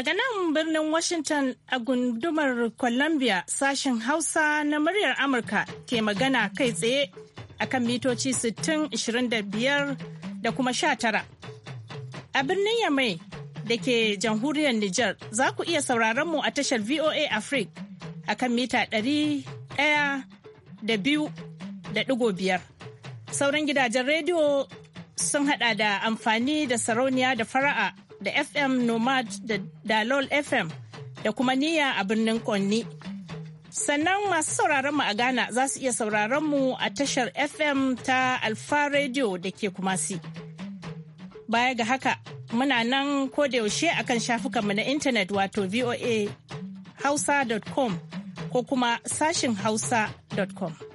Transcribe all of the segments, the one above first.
Daga nan birnin Washington a gundumar Columbia sashen Hausa na muryar Amurka ke magana kai tsaye a kan mitoci 60-25 da kuma 19. A birnin Yamai da ke jamhuriyar Nijar za ku iya sauraron mu a tashar VOA Africa a kan mita da da biyu biyar Sauran gidajen rediyo sun hada da amfani da sarauniya da fara'a da FM Nomad da Dalol FM da kuma Niyya a birnin Konni. Sannan masu sauraron mu a Ghana za su iya sauraron mu a tashar FM ta Alfa Radio da ke Kumasi. Baya ga haka, muna nan yaushe a kan shafukanmu na intanet wato voa hausa.com ko kuma sashin hausa.com.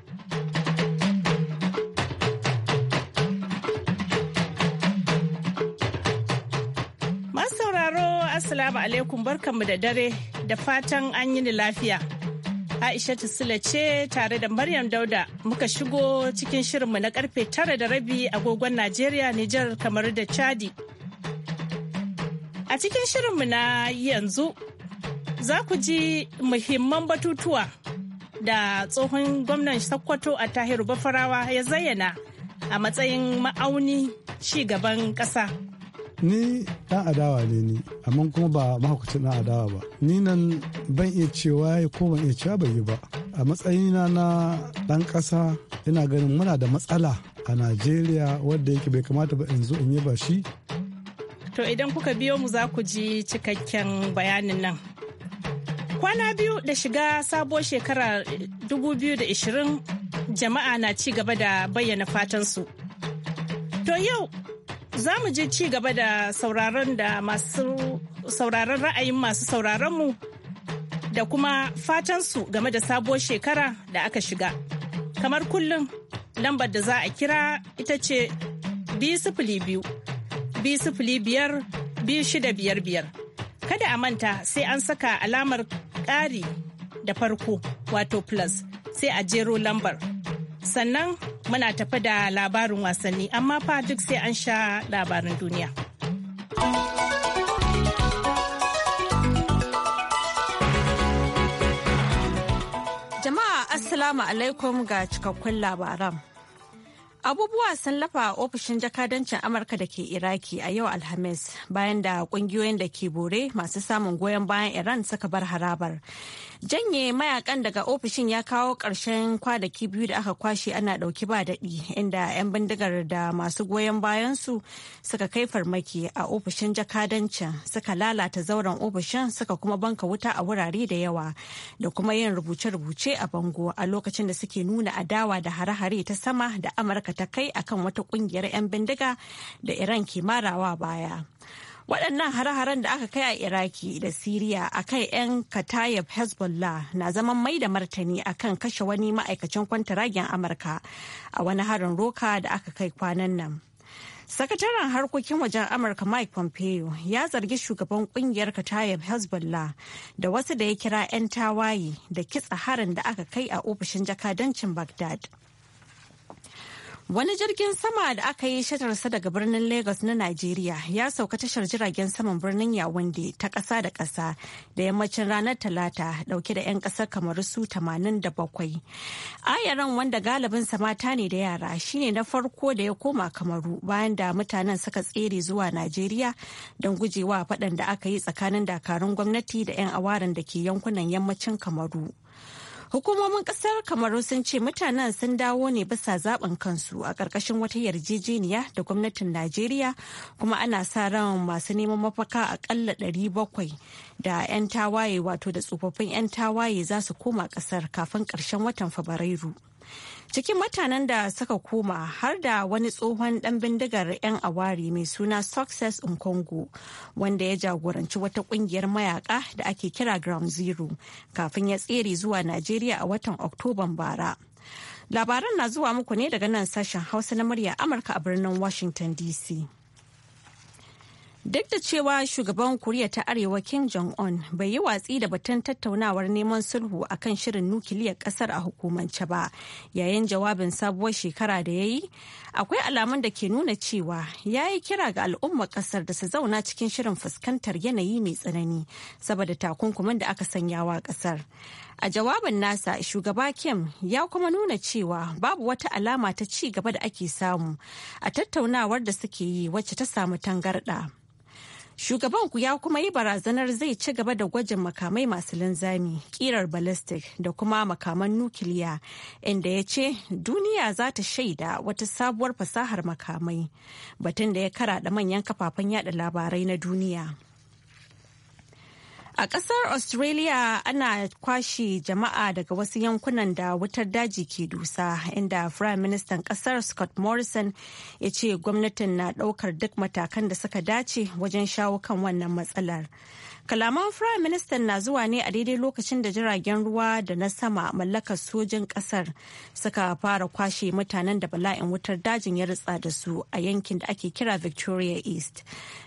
Assalamu alaikum barkanmu da dare da fatan an yi ni lafiya. Aisha Sule ce tare da Maryam Dauda muka shigo cikin shirinmu na karfe tara da rabi agogon Najeriya, Nijar kamar da Chadi. A cikin shirinmu na yanzu za ku ji muhimman batutuwa da tsohon gwamnan Sokoto a Tahiru Bafarawa ya zayyana a matsayin ma'auni ci gaban ƙasa. ni ɗan adawa ne ni amma kuma ba mahaukacin dan adawa ba ni nan ban iya cewa ya ko ban iya cewa bai yi ba a matsayina na ɗan ƙasa ina ganin muna da matsala a najeriya wadda yake bai kamata ba in zo in yi ba shi to idan kuka biyo mu za ku ji cikakken bayanin nan kwana biyu da shiga sabuwar shekara 2020 jama'a na ci gaba da bayyana fatansu to yau za mu je ci gaba da sauraron da masu sauraron ra'ayin masu mu da kuma fatan su game da sabuwar shekara da aka shiga. Kamar kullum lambar da za a kira ita ce biyu biyu biyar biyu shida biyar biyar. Kada a manta sai an saka alamar ƙari da farko wato plus sai a jero lambar. Sannan muna tafi da labarin wasanni amma fa duk sai an sha labarin duniya. Jama'a Assalamu alaikum ga cikakkun labaran. Abubuwa sun lafa a ofishin jakadancin Amurka da ke Iraki a yau Alhamis bayan da kungiyoyin da ke bore masu samun goyon bayan Iran suka bar harabar. Janye mayakan daga ofishin ya kawo ƙarshen kwanaki biyu da aka kwashe ana ɗauki ba daɗi inda 'yan bindigar da masu goyon bayansu suka kai farmaki a ofishin jakadancin suka lalata zauren ofishin suka kuma banka wuta a wurare da yawa da kuma yin rubuce-rubuce a bango a lokacin da suke nuna adawa da hare-hare ta sama da Amurka ta kai akan wata kungiyar 'yan bindiga da Iran ke marawa baya. waɗannan hare-haren da aka kai a iraki da siriya a kai 'yan katayab hezbollah na zaman mai da martani a kan kashe wani ma'aikacin kwantaragen amurka a wani harin roka da aka kai kwanan nan sakataren harkokin wajen amurka mike pompeo ya zargi shugaban kungiyar katayab hezbollah da wasu da ya kira 'yan tawaye da kitsa harin da aka kai a ofishin jakadancin Bagdad. Wani jirgin sama da aka yi shatarsa daga birnin Lagos na Najeriya ya sauka tashar jiragen saman birnin Yawande ta ƙasa da ƙasa da yammacin ranar Talata dauke da 'yan ƙasar kamar su 87. Ayaran wanda galibin mata ne da yara shine na farko da ya koma kamaru bayan da mutanen suka tsere zuwa Najeriya don gujewa faɗan da aka yi tsakanin dakarun gwamnati da 'yan awarin da ke yankunan yammacin kamaru. Hukumomin kasar Kamaru sun ce mutanen sun dawo ne bisa zaben kansu a ƙarƙashin wata yarjejeniya da gwamnatin Najeriya kuma ana sa ran masu neman mafaka aƙalla 700 da 'yan tawaye wato da tsofaffin 'yan tawaye za su koma ƙasar kafin ƙarshen watan Fabrairu. Cikin mutanen da suka koma har da wani tsohon ɗan bindigar 'yan awari mai suna Success in Congo, wanda ya jagoranci wata ƙungiyar mayaka da ake kira Ground Zero kafin ya tsere zuwa Najeriya a watan Oktoban bara. Labaran na zuwa muku ne daga nan sashen Hausa na murya Amurka a birnin Washington DC. Duk da cewa shugaban Koriya ta Arewa Kim Jong-un bai yi watsi da batun tattaunawar neman sulhu a kan shirin nukiliyar kasar a hukumance ba, yayin jawabin sabuwar shekara da ya yi, akwai alamun da ke nuna cewa ya yi kira ga al'ummar kasar da su zauna cikin shirin fuskantar yanayi mai tsanani saboda takunkumin da aka sanyawa kasar. A jawabin nasa shugaba Kim ya kuma nuna cewa babu wata alama ta ci gaba da ake samu a tattaunawar da suke yi wacce ta samu tangarɗa. Shugaban ku ya kuma yi barazanar zai ci gaba da gwajin makamai masu linzami, kirar ballistic da kuma makaman nukiliya, inda ya ce duniya za ta shaida wata sabuwar fasahar makamai, batun da ya karaɗa manyan kafafen yada labarai na duniya. A ƙasar Australia ana kwashe jama'a daga wasu yankunan da wutar daji ke dusa inda Prime Minister ƙasar Scott Morrison ya ce gwamnatin na ɗaukar duk matakan da suka dace wajen shawo kan wannan matsalar. Kalaman Prime Minister na zuwa ne a daidai lokacin da jiragen ruwa da na sama mallakar sojin kasar suka fara kwashe mutanen da bala'in wutar dajin ya ritsa da su a yankin da ake kira Victoria East.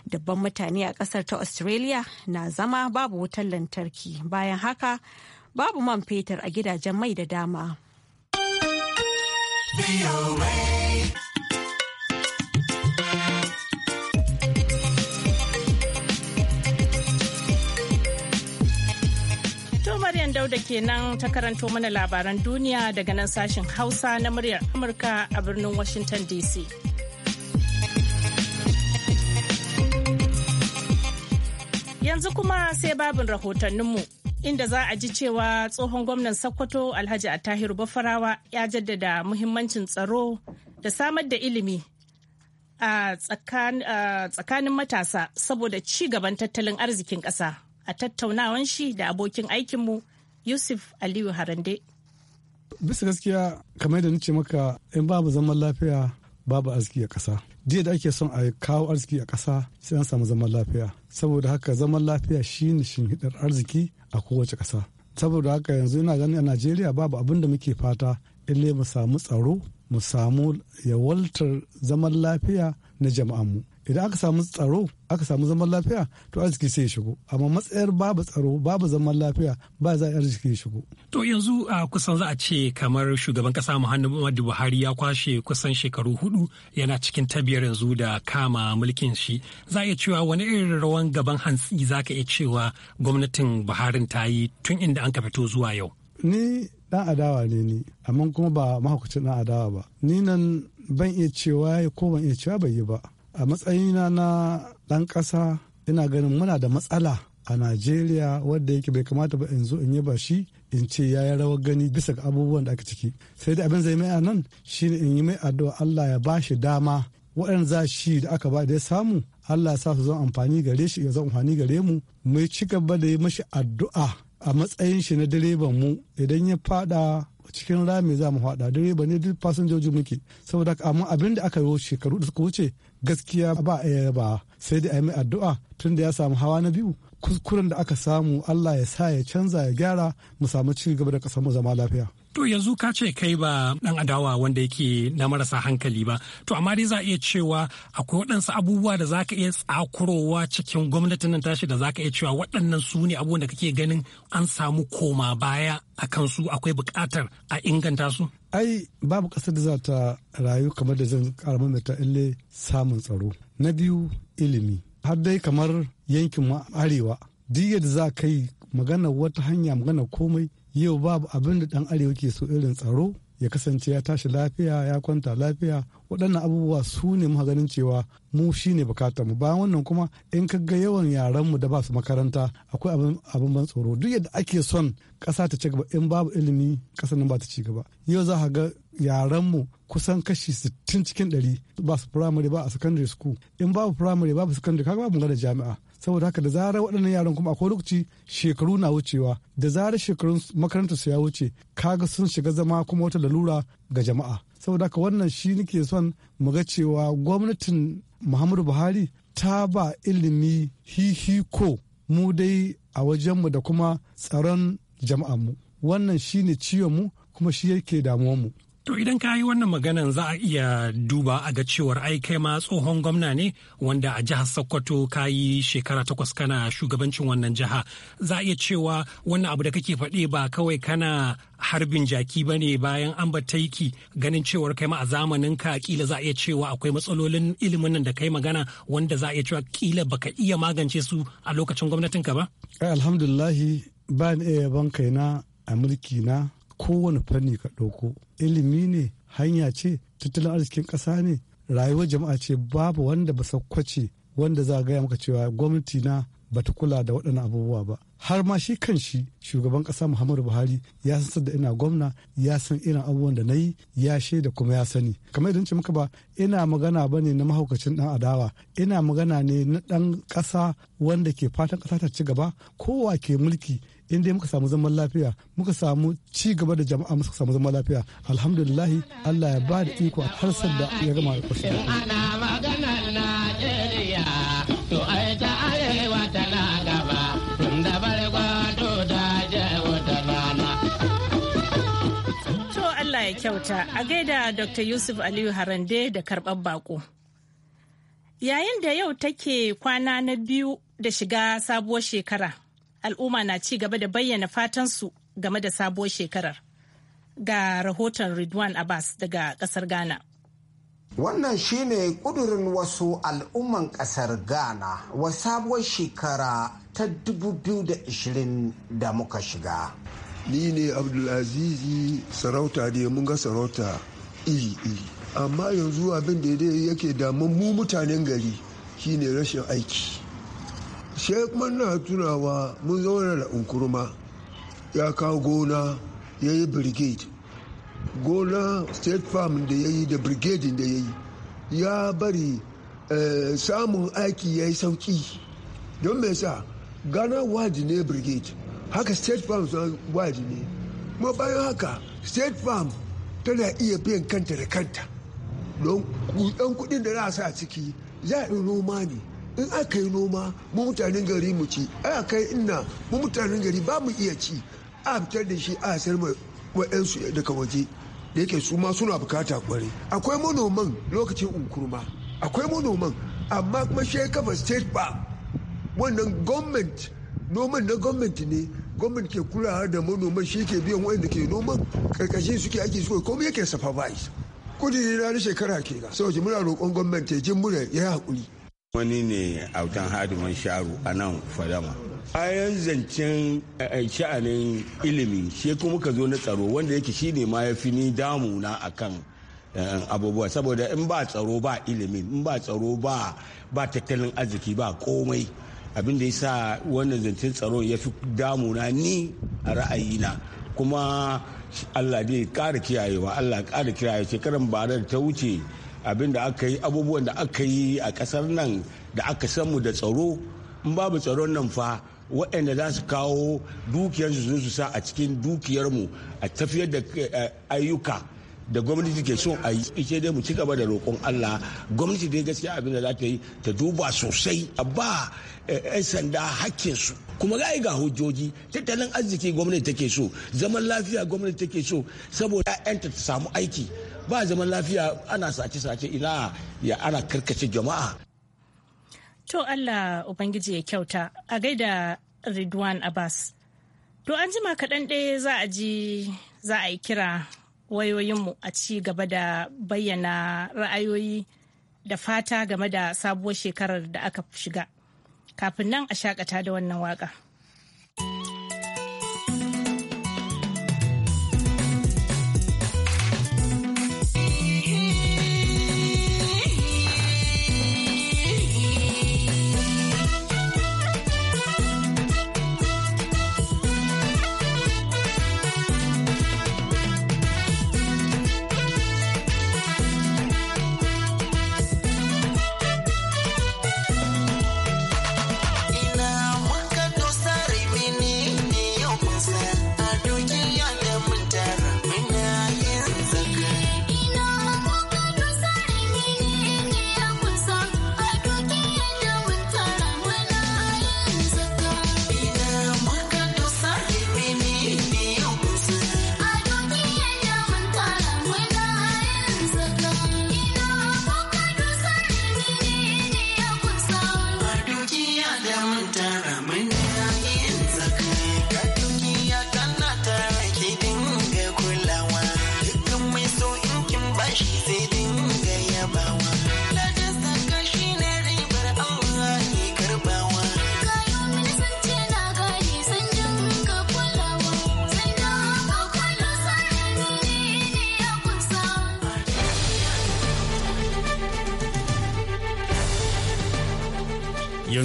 Dabban mutane a kasar ta Australia na zama babu wutar lantarki bayan haka babu man fetur a gidajen mai da dama. Dauda kenan ta karanto mana labaran duniya daga nan sashen Hausa na muryar Amurka a birnin Washington DC. Yanzu kuma sai babin rahotanninmu inda za a ji cewa tsohon gwamnan Sokoto Alhaji a tahiru Bafarawa ya jaddada muhimmancin tsaro da samar da ilimi a tsakanin matasa saboda ci gaban tattalin arzikin ƙasa a tattaunawan shi da abokin aikinmu Yusuf Aliyu Harande. Bisa gaskiya kamar da nace maka in babu zaman lafiya babu arziki a ƙasa. Jiya da ake son a kawo arziki a ƙasa sai an samu zaman lafiya. Saboda haka zaman lafiya shine shinhiɗar arziki a kowace ƙasa. Saboda haka yanzu yana ganin a Najeriya babu abin da muke fata ille mu samu tsaro mu samu yawaltar zaman lafiya na jama'anmu. idan aka samu tsaro aka samu zaman lafiya to arziki sai ya shigo amma matsayar babu tsaro babu zaman lafiya ba za arziki ya shigo to yanzu a kusan za a ce kamar shugaban kasa muhammadu buhari ya kwashe kusan shekaru hudu yana cikin tabiyar yanzu da kama mulkin shi za a cewa wani irin rawan gaban hantsi za ka iya cewa gwamnatin buharin ta yi tun inda an ka fito zuwa yau ni dan adawa ne ni amma kuma ba mahaukacin dan adawa ba ni nan ban iya cewa ko ban iya cewa bai yi ba a matsayina na ɗan ƙasa ina ganin muna da matsala a najeriya wadda yake bai kamata ba in zo in yi ba shi in ce ya yi rawar gani bisa ga abubuwan da aka ciki sai dai abin zai mai a nan shine in yi mai addu'a allah ya ba shi dama waɗanda za shi da aka ba da ya samu allah ya sa su zan amfani gare shi ya zan amfani gare mu mai ci gaba da yi mashi addu'a a matsayin shi na direban mu idan ya fada cikin rami za mu fada direba ne duk fasinjoji muke saboda amma abin da aka yi shekaru da suka wuce gaskiya ba a yaba sai dai a yi mai addu'a tun da ya samu hawa na biyu kuskuren da aka samu Allah ya sa ya canza ya gyara mu samu ci gaba da kasar mu zama lafiya To yanzu ka ce kai ba dan adawa wanda yake na marasa hankali ba. To amma dai za a iya cewa akwai waɗansu abubuwa da zaka iya tsakurowa cikin gwamnatin nan tashi da za iya cewa waɗannan su ne abubuwan da kake ganin an samu koma baya a kansu akwai buƙatar a inganta su. Ai babu ƙasar da za ta rayu kamar da zan ƙara ta ille samun tsaro. Na biyu ilimi. Har dai kamar yankin arewa. Duk yadda za ka yi magana wata hanya magana komai yau babu abin da dan arewa ke so irin tsaro ya kasance ya tashi lafiya ya kwanta lafiya waɗannan abubuwa su ne muka ganin cewa mu shine ne bukatar mu bayan wannan kuma in ka ga yawan yaran mu da ba su makaranta akwai abin ban tsoro duk yadda ake son ƙasa ta ci gaba in babu ilimi ƙasar nan ba ta ci gaba yau za ka ga yaran mu kusan kashi sittin cikin ɗari ba su primary ba a secondary school in babu primary babu secondary kaga babu da jami'a saboda haka da zarar waɗannan yaran kuma akwai lokaci shekaru na wucewa da zarar shekarun makarantar su ya wuce kaga sun shiga zama kuma wata lalura ga jama'a saboda haka wannan shi nake son mu ga cewa gwamnatin muhammadu buhari ta ba ilimi hihi ko mu dai a wajenmu da kuma tsaron mu wannan shi ne mu kuma shi yake mu To idan ka yi wannan maganan za a iya duba a ga cewar ai kai ma tsohon gwamna ne wanda a jihar Sokoto ka yi shekara takwas kana shugabancin wannan jiha. Za a iya cewa wannan abu da kake faɗi ba kawai kana harbin jaki ba ne bayan an taiki ganin cewar kai ma a zamanin ka kila za a iya cewa akwai matsalolin ilimin nan da kai magana wanda za a iya cewa kila baka iya magance su a lokacin gwamnatinka ba? Eh, alhamdulillahi ba iya yaban kaina a mulki na kowane fanni ka ɗauko ilimi ne hanya ce tattalin arzikin ƙasa ne rayuwar jama'a ce babu wanda ba sakwace wanda za a gaya maka cewa gwamnati na ba ta kula da waɗannan abubuwa ba har ma shi kan shi shugaban ƙasa muhammadu buhari ya san da ina gwamna ya san irin abubuwan da na yi ya shaida kuma ya sani kamar idan ce muka ba ina magana ba ne na mahaukacin ɗan adawa ina magana ne na ɗan ƙasa wanda ke fatan ƙasa ta ci gaba kowa ke mulki in dai muka samu zaman lafiya muka samu ci gaba da jama'a muka samu zaman lafiya alhamdulillah Allah ya ba da iko har da ya gama da ana magana Najeriya to ai ta arewa gaba da barkwa ta je wata to Allah ya kyauta a gaida Dr. Yusuf Aliyu Harande da karɓar bako yayin da yau take kwana na biyu da shiga sabuwar shekara al'umma na ci gaba da bayyana fatansu game da sabuwar shekarar. Ga rahoton Ridwan Abbas daga kasar Ghana. Wannan shine kudurin wasu al'umman kasar Ghana wa sabuwar shekara ta 2020 da muka shiga. Ni ne Abdulazizi sarauta da mun ga sarauta iri-iri. Amma yanzu abin da yake damun mu mutanen gari shine rashin aiki. sai kuma na tunawa mun zauna da unkurma ya kawo gona ya yi brigade gona state farm da ya yi da brigade da ya yi ya bari eh, samun aiki ya yi sauki don mai sa ghana wadi ne brigade haka state farm wadi ne kuma bayan haka state farm tana iya biyan kanta da kanta don kudin da za a sa ciki za a noma ne in aka yi noma mu mutanen gari mu ci aka kai ina mu mutanen gari ba mu iya ci a fitar da shi a sayar ma wa'yansu daga waje da yake su ma suna bukata kwarai akwai manoman lokacin unkurma akwai manoman amma kuma shi kafa state ba wannan gwamnati noman na gwamnati ne gwamnati ke kulawa da manoman shi ke biyan wa'anda ke noman karkashin suke ake suke komai yake safa ba kudi na shekara ke ga saboda muna roƙon gwamnati ya mura ya haƙuri wani ne autan hadiman sharu a nan fadama bayan zancen eh, sha'anin ilimi shi kuma ka zo na tsaro wanda yake shi ne ma ya fi ni damuna a kan eh, abubuwa saboda in ba tsaro ba ilimin in ba tsaro ba tattalin arziki ba komai abin da ya sa wannan zancen tsaro ya fi damuna ni a ra'ayina kuma allah dai kara kiyayewa allah kara kiyaye shekaran bara da ta wuce abin da aka yi abubuwan da aka yi a kasar nan da aka san mu da tsaro in babu tsaron nan fa waɗanda za su kawo dukiyarsu su sa a cikin dukiyar mu a tafiyar da eh, eh, ayyuka da gwamnati ke son a yi ike dai mu ci gaba da roƙon Allah gwamnati dai gaskiya abin da za ta yi ta duba sosai a ba 'yan eh, sanda hakkinsu kuma ga ga hujjoji tattalin arziki gwamnati take so zaman lafiya gwamnati take so saboda 'ya'yanta ta samu aiki ba zaman lafiya ana sace-sace ina ya ana karkace jama'a to allah ubangiji ya kyauta a gaida ridwan abbas to an jima kaɗan ɗaya za a ji za a yi kira wayoyinmu a ci gaba da bayyana ra'ayoyi da fata game da sabuwar shekarar da aka shiga kafin nan a shakata da wannan waka.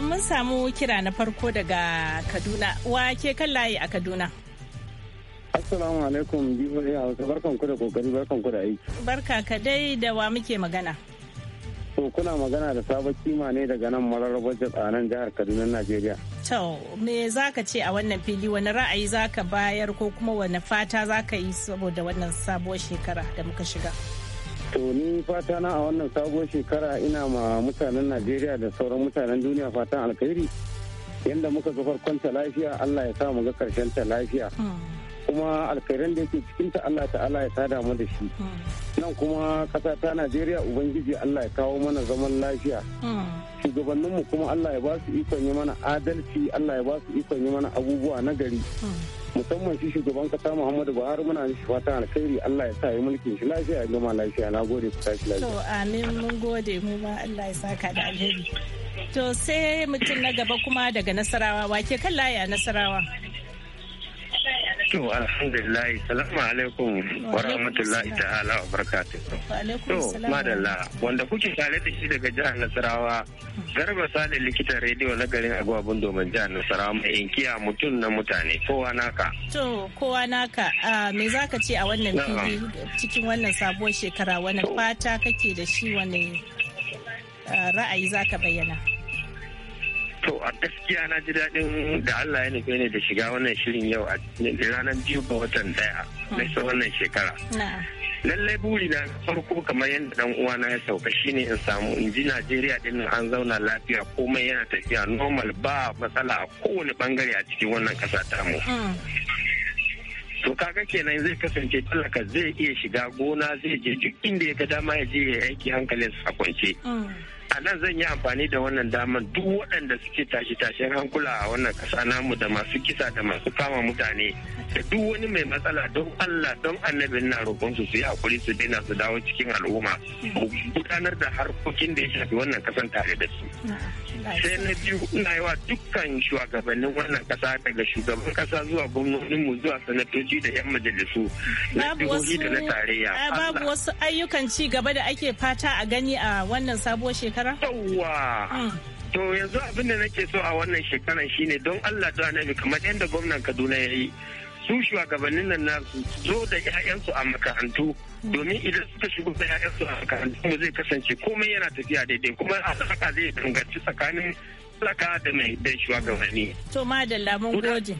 in mun samu kira na farko daga Kaduna. Wa ke kan layi a Kaduna? Assalamu alaikum barkan ku da kokari barkan ku da aiki. Barka ka dai da wa muke magana. To kuna magana da sabon kima ne daga nan mararrabar a nan jihar Kaduna Najeriya. To me za ka ce a wannan fili wani ra'ayi za ka bayar ko kuma wani fata za ka yi saboda wannan sabuwar shekara da muka shiga? To ni fata na a wannan sabuwar shekara ina ma mutanen Najeriya da sauran mutanen duniya fatan alkhairi. yadda muka ga farkon ta lafiya Allah ya sa mu ga karshen ta lafiya. Hmm. kuma alkhairan da yake ta Allah ta'ala ya tada mu da shi nan kuma kasata ta Najeriya ubangiji Allah ya kawo mana zaman lafiya shugabanninmu kuma Allah ya ba su ikon yi mana adalci Allah ya ba su ikon yi mana abubuwa na gari musamman shi shugaban kasa Muhammadu Buhari muna shi fatan alkhairi Allah ya sa ya mulkin shi lafiya ya gama lafiya na gode ku tashi lafiya to amin mun gode mu ma Allah ya saka da alheri to sai mutum na gaba kuma daga Nasarawa wake kan laya Nasarawa To alhamdulillah salamu alaikum wa rahmatullahi ta'ala wa barakatuh. To madalla wanda kuke tare da shi daga jihar Nasarawa Garba Sale likitan rediyo na garin Bundo Domin jihar Nasarawa mai inkiya mutum na mutane kowa naka. To kowa naka me za ka ce a wannan fili cikin wannan sabuwar shekara wani fata kake da shi wani ra'ayi za ka bayyana? To a gaskiya na ji daɗin da Allah ya nufi ne da shiga wannan shirin yau a ranar biyu ga watan ɗaya. na hmm. wannan shekara. Lallai buri na farko kamar yadda dan uwana ya sauka shine in samu in ji Najeriya din an zauna lafiya komai yana tafiya normal ba matsala a kowane bangare a cikin wannan ƙasa tamu. Hmm. to kaga kenan zai kasance talaka zai iya shiga gona zai je duk inda ya ga dama ya je ya aiki hankalin a kwance. Hmm. a nan zan yi amfani da wannan damar duk waɗanda suke tashe-tashen hankula a wannan ƙasa namu da masu kisa da masu kama mutane da duk wani mai matsala don Allah don Annabi na roƙon su su yi hakuri su daina su dawo cikin al'umma gudanar da harkokin da ya shafi wannan kasan tare da su. Sai na biyu ina yi wa dukkan shugabannin wannan ƙasa daga shugaban kasa zuwa mu zuwa sanatoci da 'yan majalisu na jihohi da na eh, Babu wasu ayyukan ci gaba da ake fata a gani a wannan sabuwar shekara. shekara? Yawwa! To yanzu abin da nake so a wannan shekara shine don Allah da annabi kamar yadda gwamnan Kaduna ya yi. Su shugabannin nan na su zo da 'ya'yansu a makarantu domin idan suka shigo da 'ya'yansu a makarantu mu zai kasance komai yana tafiya daidai kuma a haka zai danganci tsakanin talaka da mai dan shugabanni. To madalla mun gode.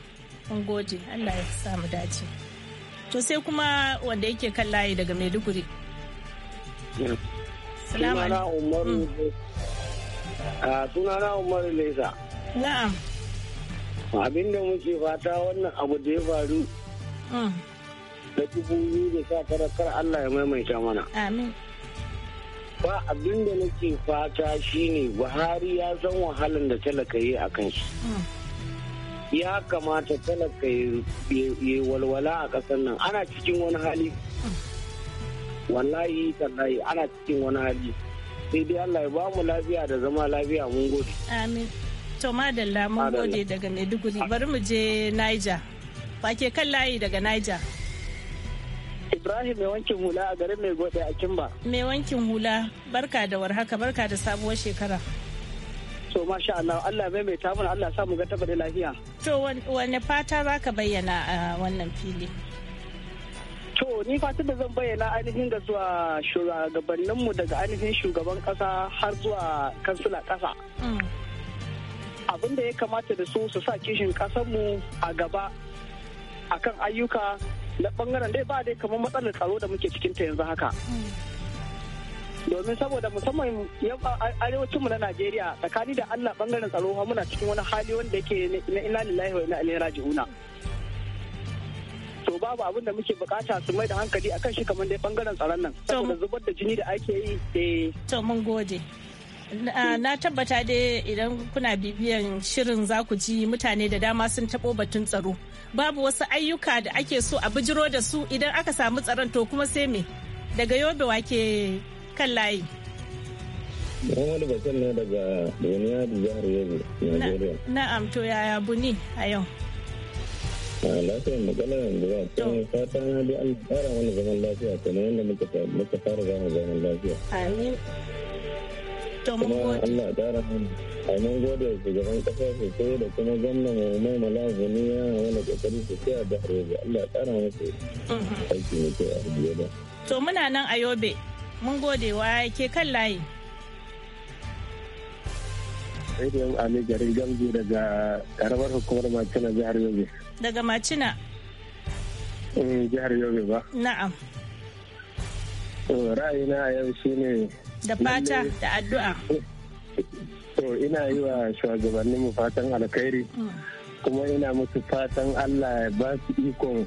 Mun gode. Allah ya samu dace. To sai kuma wanda yake kan layi daga Maiduguri. Salamu mm. ah, Sunana Umaru sa Abinda muke fata wannan abu da ya faru. Da mm. dubu biyu da sha tara kar Allah ya maimaita mana. Amin. Ba abinda nake fata shine Buhari ya san wahalan da talaka yi a kan shi. Mm. Ya kamata talaka ya walwala a ƙasar nan ana cikin wani hali wallahi tallahi ana cikin wani hali sai dai Allah ya ba mu lafiya da zama lafiya mun gode amin to madalla mun gode daga Maiduguri bari mu je Niger ba ke kan layi daga Niger Ibrahim mai wankin hula a garin mai gode a Kimba. Mai wankin hula barka da warhaka barka da sabuwar shekara. To masha Allah Allah mai mai tamuna Allah sa mu ga taba da lafiya. To wani fata za ka bayyana a wannan fili? To ni fatan da zan bayyana ainihin ga zuwa shugabanninmu daga ainihin shugaban kasa har zuwa kansila kasa. Abin da ya kamata da su su sa kishin kasanmu a gaba a kan ayyuka na bangaren dai ba dai kamar matsalar tsaro da muke cikin ta yanzu haka. domin saboda musamman arewacinmu na najeriya tsakani da allah bangaren tsaro muna cikin wani hali wanda yake na ina lillahi wa ina ilaihi raji'una. to babu abin da muke bukata su mai da hankali akan shi kamar dai bangaren tsaron nan saboda zubar da jini da ake yi eh. to mun gode eh. na tabbata dai idan kuna bibiyan shirin za ku ji mutane da dama sun taɓo batun tsaro babu wasu ayyuka da ake so a bijiro da su idan aka samu tsaron to kuma sai me daga yobe wake kan layi Muhammadu Bashir ne daga Duniya da Jihar Yobe, Najeriya. Na'am to yaya buni a yau? lafiya magana yanzu ba kuma fata na dai an fara wani zaman lafiya yadda muka fara zama zaman lafiya. Kuma Allah ya tara shugaban kasa sosai da kuma gwamna mai mai malabu ya wani kokari a Allah ya tara mhm. aiki To muna nan a Yobe. Mun gode wa ke kan layi. yin Ali garin Gamji daga karamar hukumar na jihar Yobe. daga Macina. Eh jihar Yobe ba. Na'am. To ra'ayina a yau ne. da fata da addu'a. To ina yi wa shugabanninmu fatan alkhairi mm. kuma ina musu fatan Allah ya ba su ikon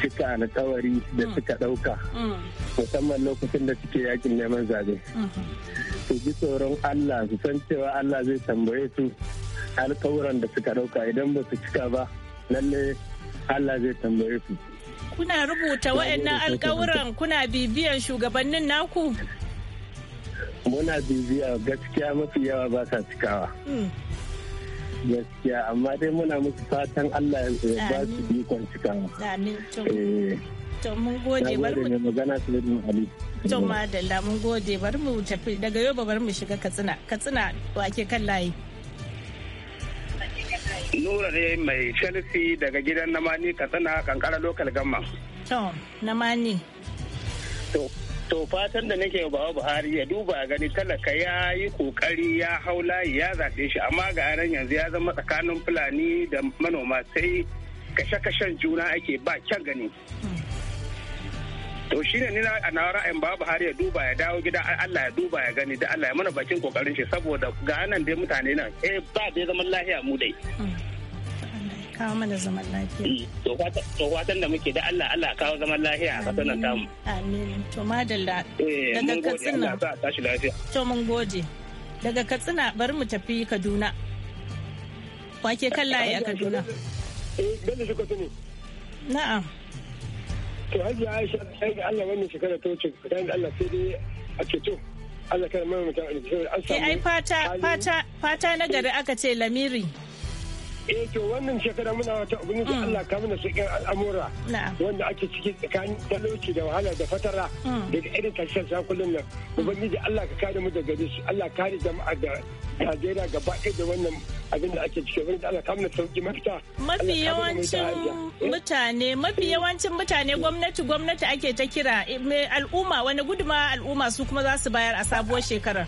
cika alkawari da mm. suka ɗauka mm. musamman lokacin da suke yakin neman zabe. Mm-hmm. Su ji tsoron Allah su san cewa Allah zai tambaye su alkawuran da suka ɗauka idan ba su cika ba. lalle Allah zai tambaye su. Kuna rubuta waɗannan alkawuran kuna bibiyan shugabannin naku? Muna bibiya gaskiya mafi yawa ba sa cikawa. Hmm. Gaskiya amma dai muna musu fatan Allah ya ba su ikon cikawa. tun eh. eh. mun gode bari mu mun gode tafi daga Yoba bari mu shiga Katsina. Katsina wake kan layi. Nura ne mai Chelsea daga gidan Namani Katsina kankara lokal gamma. To, Namani. To, fatan da nake bawa Buhari ya duba gani talaka ya yi kokari ya hau layi ya zaɓe shi amma ga aran yanzu ya zama tsakanin Fulani da manoma sai kashe-kashen juna ake ba kyan gani. Hmm. to shine ni a na ra'ayin ba Buhari ya duba ya dawo gida Allah ya duba ya gani da Allah ya mana bakin kokarin shi saboda ga nan dai mutane nan eh ba dai zaman lafiya mu dai kawo mana zaman lafiya. Mm, to watan da muke da Allah Allah kawo zaman lafiya a kasar nan mu Amin. To madalla. Eh, Daga Katsina. tashi lafiya. To mun gode. Daga Katsina bari mu tafi Kaduna. Wake kan layi a Kaduna. Eh, Bello Sokoto ne. Na'am. to hajji aisha sai ga Allah wannan shekara ta wuce dan Allah sai dai a ce to Allah kana mai mutum an eh, samu ai fata fata fata na gari aka ce lamiri eh to wannan shekara muna wata ubangiji mm. Allah ka mana cikin al'amura wanda ake ciki tsakanin talauci da wahala da fatara mm. daga irin tashin sakulun nan ubangiji Allah ka kare mu da gari su Allah kare jama'a da Najeriya gaba ɗaya da wannan abin da ake ciki ubangiji Allah ka mana sauƙi mafita mafi yawancin eh. mutane mafi yawancin mutane gwamnati gwamnati ake ta kira eh, al'umma wani guduma al'umma su kuma za su bayar a sabuwar shekarar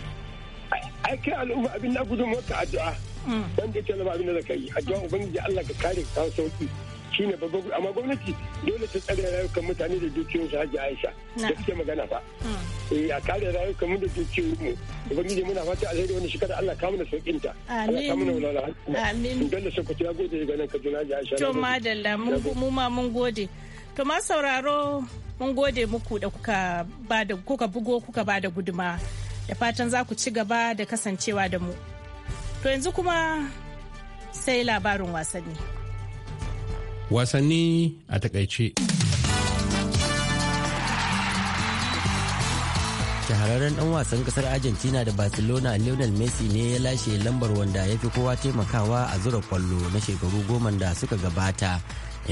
Aikin al'umma abin na gudunmu ka addu'a wanda ya ce ba abin da zaka yi addu'a ubangiji Allah ka kare ka sauki shine babban amma gwamnati dole ta tsare rayukan mutane da dukiyoyin su Hajji Aisha da suke magana ba hmm. eh a kare rayukan mu da dukiyoyin mu ubangiji muna fata alheri wannan shekara Allah ka mana saukin ta Allah ka mana walwala amin dole sai ku ta gode daga nan Kaduna Hajji Aisha to madalla mun mu ma mun gode to ma sauraro mun gode muku da kuka bugo kuka bada guduma da fatan za ku ci gaba da kasancewa da mu. to yanzu kuma sai labarin wasanni wasanni a takaice shahararren dan wasan kasar argentina da barcelona lionel messi ne ya lashe lambar wanda ya fi kowa taimakawa a zura kwallo na shekaru goma da suka gabata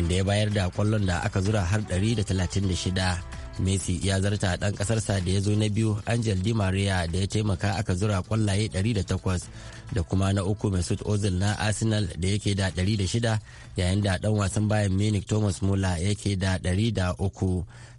inda ya bayar da kwallon da aka zura har 136 messi ya zarta dan kasarsa da ya zo na biyu angel di maria da ya taimaka aka zura kwallaye 108 da kuma na uku mesut ozil na arsenal da yake da 106 yayin da dan wasan bayan munich thomas muller yake da 103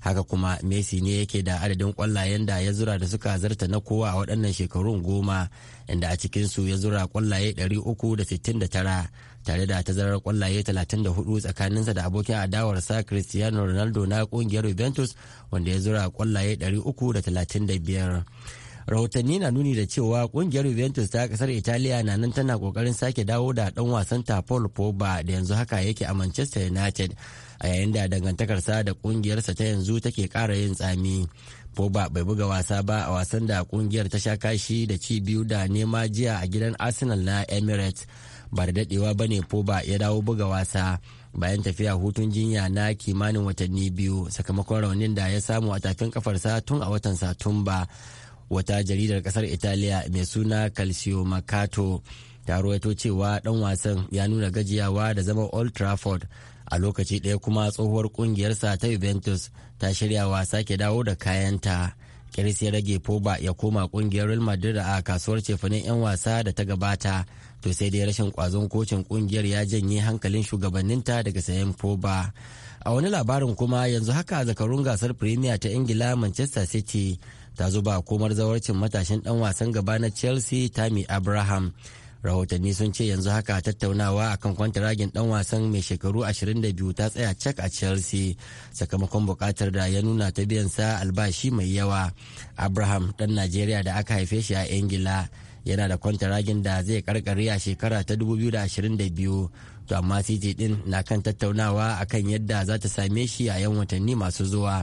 haka kuma messi ne yake da adadin kwallayen da ya zura da suka zarta na kowa a waɗannan shekarun goma inda a cikinsu ya zura kwallaye 369 tare da tazarar kwallaye 34 tsakaninsa da abokin adawarsa cristiano ronaldo na kungiyar juventus wanda ya zura kwallaye 335 rahotanni na nuni da cewa kungiyar juventus ta kasar italiya na nan tana kokarin sake dawo da dan wasan ta paul pogba da yanzu haka yake a manchester united a yayin da dangantakarsa da kungiyarsa ta yanzu take kara yin tsami pogba bai buga wasa ba a wasan da kungiyar ta sha kashi da ci biyu da nema jiya a gidan arsenal na emirates ba da dadewa ba ne ba ya dawo buga wasa bayan tafiya hutun jinya na kimanin watanni biyu sakamakon raunin da ya samu a tafin kafarsa tun a watan satumba wata jaridar kasar italiya mai suna calcio makato ta ruwaito cewa dan wasan ya nuna gajiyawa da zama old trafford a lokaci ɗaya kuma tsohuwar kungiyarsa ta juventus ta shirya wasa ke dawo da kayanta kiris ya rage Foba ya koma kungiyar Real Madrid a kasuwar cefanen 'yan wasa da ta gabata to sai dai rashin kwazon kocin kungiyar ya janye hankalin shugabanninta daga sayan Foba. A wani labarin kuma yanzu haka zakarun gasar Premier ta Ingila Manchester City ta zuba komar zawarcin matashin dan wasan gaba na Chelsea Tammy Abraham. rahotanni sun ce yanzu haka tattaunawa akan kwantaragin dan wasan mai shekaru 22 ta tsaya cak a chelsea sakamakon bukatar da ya nuna ta biyan sa albashi mai yawa abraham dan najeriya da aka haife shi a ingila yana da kwantaragin da zai karkare a shekara ta 2022 to amma city din na kan tattaunawa akan yadda za ta same shi a yan watanni masu zuwa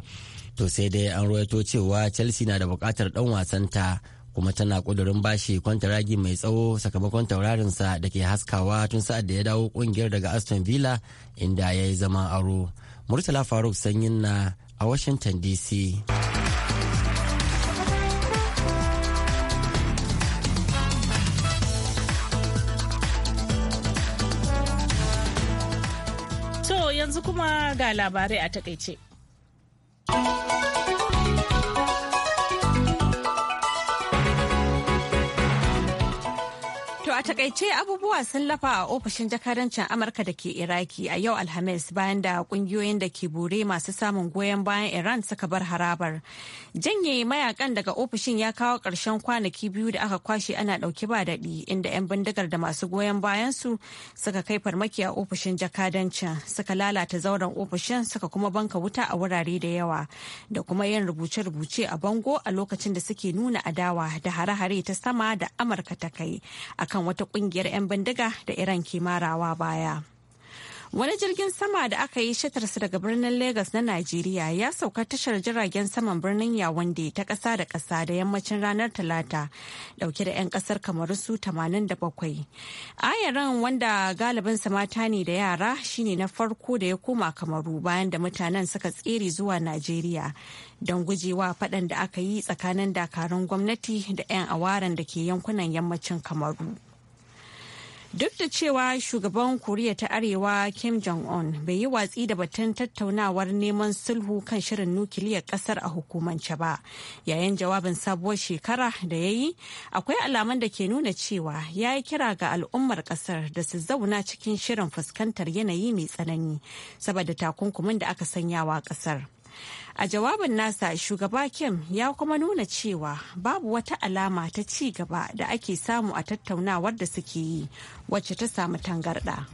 to sai dai an ruwaito cewa chelsea na da bukatar dan wasanta kuma tana kudurin bashi kwanta ragi mai tsawo sakamakon taurarinsa da ke haskawa tun sa'ad da ya dawo kungiyar daga aston villa inda ya yi zama aro murtala faruk sanyin na a washington dc to yanzu kuma ga labarai a takaice takaice abubuwa sun lafa a ofishin jakadancin amurka da ke iraki a yau alhamis bayan da kungiyoyin da ke bore masu samun goyon bayan iran suka bar harabar janye mayakan daga ofishin ya kawo ƙarshen kwanaki biyu da aka kwashe ana ɗauki ba daɗi inda 'yan bindigar da masu goyon bayan su suka kai farmaki a ofishin jakadancin suka lalata zauren ofishin suka kuma banka wuta a wurare da yawa da kuma yin rubuce-rubuce a bango a lokacin da suke nuna adawa da hare-hare ta sama da amurka ta kai akan wata wata kungiyar 'yan bindiga da Iran ke baya. Wani jirgin sama da aka yi shatarsa daga birnin Legas na Najeriya ya sauka tashar jiragen saman birnin Yawande ta kasa da kasa da yammacin ranar Talata dauke da 'yan kasar kamar su 87. Ayaran wanda galibinsa mata ne da yara shine na farko da ya koma kamaru bayan da mutanen suka tsere zuwa nigeria don gujewa faɗan da aka yi tsakanin dakarun gwamnati da 'yan awaran da ke yankunan yammacin kamaru. Duk da cewa shugaban Koriya ta Arewa Kim Jong-un bai yi watsi da batun tattaunawar neman sulhu kan shirin nukiliyar kasar a hukumance ba, yayin jawabin sabuwar shekara da ya yi, akwai alaman da ke nuna cewa ya yi kira ga al'ummar kasar da su zauna cikin shirin fuskantar yanayi mai tsanani saboda takunkumin da aka sanyawa kasar. A jawabin nasa shugaba Kim ya kuma nuna cewa babu wata alama ta ci gaba da ake samu a tattaunawar da suke yi wacce ta samu tangarɗa.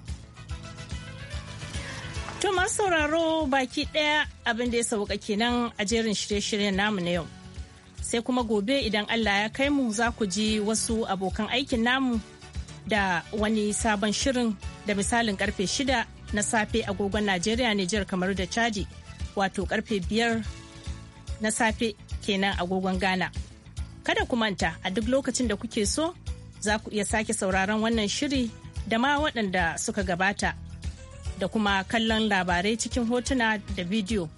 tun sauraro baki ɗaya abin da ya sauka kenan a jerin shirye-shiryen namu na yau. Sai kuma gobe idan Allah ya kai mu za ku ji wasu abokan aikin namu da wani sabon shirin da misalin karfe shida na safe agogon Najeriya Nijar kamar da Chadi. wato karfe biyar na safe kenan agogon Ghana. Kada ku manta a duk lokacin da kuke so za ku iya sake sauraron wannan shiri da ma waɗanda suka gabata da kuma kallon labarai cikin hotuna da bidiyo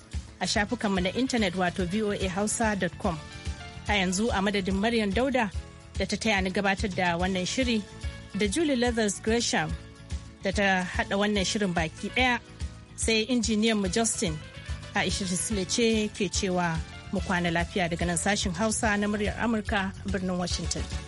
a shafukanmu na intanet wato voahausa.com. A yanzu a madadin Maryam Dauda da ta taya ni gabatar da wannan shiri da Julie Leathers Gresham da ta hada wannan shirin baki ɗaya sai injiniyanmu Justin Aisha Sule ce ke cewa mu kwana lafiya daga nan sashin Hausa na muryar Amurka birnin Washington.